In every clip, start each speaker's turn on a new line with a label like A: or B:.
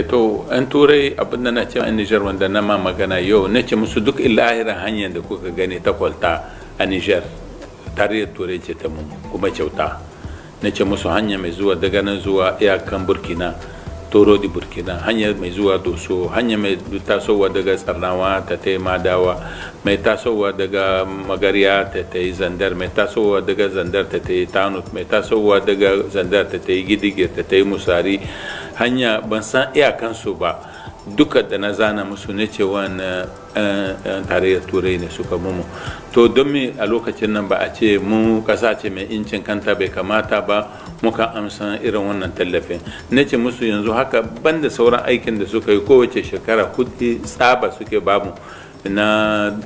A: to an turai abinda na ce a nijar wanda na ma magana yau na ce musu duk ilahirin hanyar da kuka gani ta kwalta a nijar tarayyar turai ce ta mu kuma kyauta na ce musu hanya mai zuwa daga nan zuwa iyakan burkina toro di burkina hanya mai zuwa doso hanya mai tasowa daga tsarnawa ta ta madawa mai tasowa daga magariya ta ta yi zandar mai tasowa daga zandar ta ta yi tanut mai tasowa daga zandar ta ta yi gidigir ta ta yi musari hanya ban san iyakansu ba duka da na zana musu ne cewa na eh, eh, eh, tarayyar turai ne suka mumu to don me a lokacin nan ba a ce mu kasa ce mai incin kanta bai kamata ba muka amsa irin wannan tallafin na ce musu yanzu haka banda sauran aikin da suka yi kowace shekara kudi tsaba suke babu na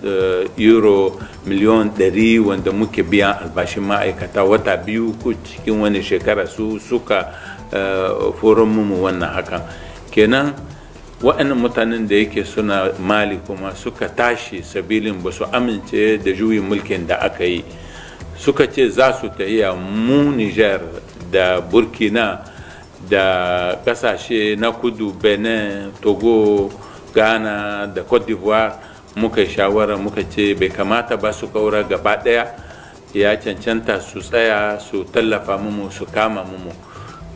A: eh, euro miliyon 100 wanda muke biya albashin ma'aikata wata biyu ko cikin wani shekara su suka foron eh, mu wannan hakan kenan waɗannan mutanen da yake suna mali kuma suka tashi sabilin ba su amince da juyin mulkin da aka yi suka ce za su ta iya mu niger da burkina da ƙasashe na kudu benin togo ghana da cote d'ivoire muka yi shawara muka ce bai kamata ba su kaura gaba ɗaya ya cancanta su tsaya su tallafa mu su kama mu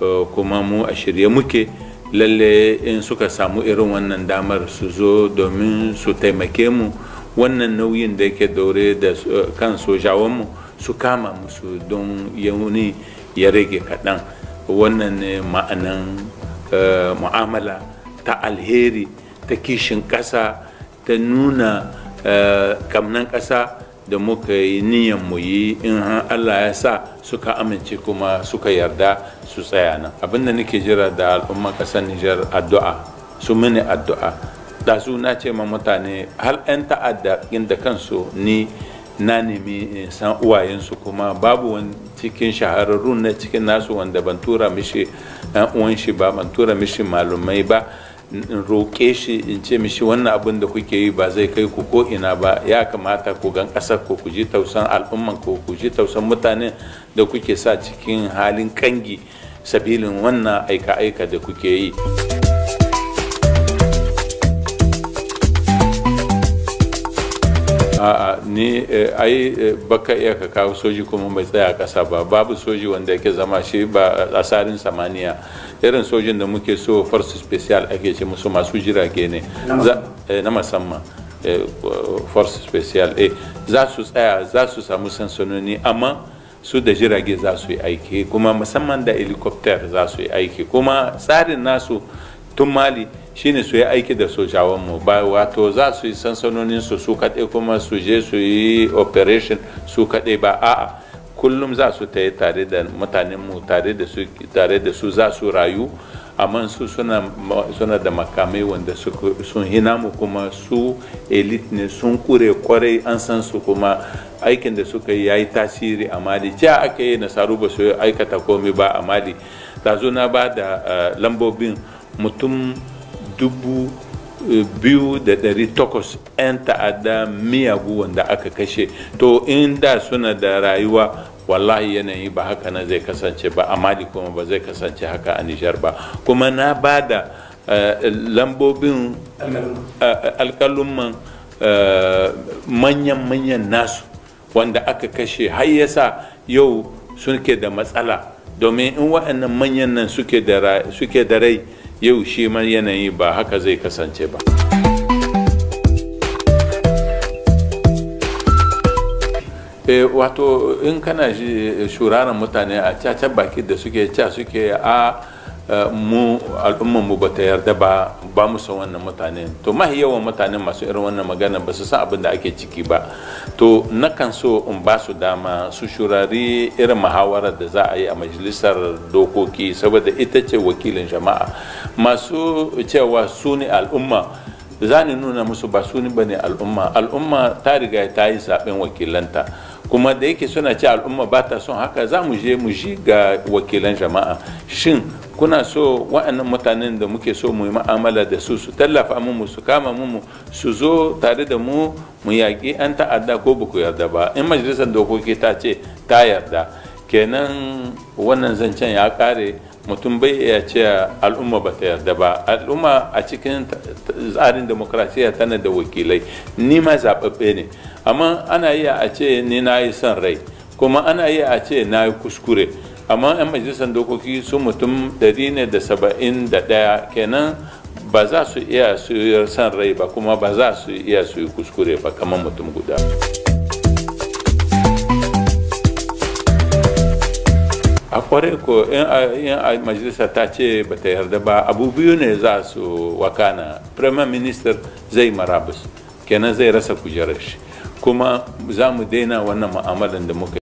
A: eh, kuma mu a shirye muke lalle in suka samu irin wannan damar su zo domin su taimake mu wannan nauyin da yake daure da eh, kan sojawanmu su kama musu don yauni ya rage kaɗan wannan ne ma'anan eh, mu'amala ta alheri ta kishin ƙasa ta nuna eh, kamnan ƙasa da muka yi niyan mu yi in Allah ya sa suka amince kuma suka yarda su tsaya nan abin da nake jira da al'umman ƙasar Nijar addu'a su mini addu'a da su na ce ma mutane har 'yan ta'adda inda kansu ni na nemi san uwayensu kuma babu wani cikin shahararru na cikin nasu wanda ban tura mishi uwan shi ba ban tura mishi malumai ba in roƙe shi in ce mishi wannan abin da kuke yi ba zai kai ku ko ina ba ya kamata ku gan ƙasar ku ji tausan al'umman ku ku ji tausan mutane da kuke sa cikin halin kangi sabilin wannan aika-aika da kuke yi. a'a ni eh, ai eh, baka iya ka kawo soji kuma bai tsaya a ƙasa ba babu soji wanda yake zama shi ba asarin samaniya irin sojin da muke so force special ake ce musu masu jirage ne na musamman eh, force special eh za su tsaya za su samu sansanoni amma su da jirage za su yi aiki kuma musamman da helicopter za su yi aiki kuma tsarin nasu tun mali shine su yi aiki da sojawan mu ba wato za su yi sansanonin su su kaɗe kuma su je su yi operation su kaɗe ba a'a kullum za su ta yi tare da mutanen mu tare da su za su rayu amma su suna da makamai wanda sun hina mu kuma su elite ne sun kure kwarai an san su kuma aikin da suka yi ya yi tasiri a mali ja aka yi nasaru ba su aikata komai ba a mali na ba da eh, lambobin mutum dubu eh, biyu da ɗari takwas 'yan ta'adda miyagu wanda aka kashe to in da suna da rayuwa wallahi yanayi ba haka na zai kasance ba a mali kuma ba zai kasance haka a nijar ba kuma na ba da eh, lambobin eh, alkalumman manyan-manyan nasu wanda aka kashe har yasa yau suke da matsala domin in waɗannan manyan nan suke da rai yau shi man yanayi ba haka zai kasance ba e, wato in kana shuraren mutane a caca baki da suke ca suke a Eh, mu al'umman mu bata yarda ba ba mu san wannan mutane to mahi yawan mutane masu irin wannan magana ba su san abin da ake ciki ba to nakan so in ba su dama su shurari irin muhawarar da za a yi a majalisar dokoki saboda ita ce wakilin jama'a masu cewa su ne al'umma za ni nuna musu ba su ba ne al'umma al'umma ta riga ta yi zaben wakilanta kuma da yake suna ce al'umma ba ta son haka za mu je mu ji ga wakilan jama'a shin kuna so wa'annan mutanen da muke so mu yi ma'amala da su su tallafa mu su kama mu su zo tare da mu mu yaƙi an ta'adda ko ba ku yarda ba in majalisar dokoki ta ce ta yarda kenan wannan zancen ya kare. mutum bai iya ce al'umma ba ta yarda ba al'umma a cikin tsarin demokrasiya tana da wakilai ni ma zaɓaɓɓe ne amma ana iya a ce ni na yi son rai kuma ana iya a ce na yi kuskure amma 'yan majalisar dokoki su mutum ɗaya kenan ba za su iya su yi son rai ba kuma ba za su iya su yi kuskure ba kamar mutum guda. a kwarai ko in a majalisa ta ce ba ta yarda ba abu biyu ne za su wakana prime minister zai marabus kenan zai rasa kujerar shi kuma za mu daina wannan mu'amalar da muka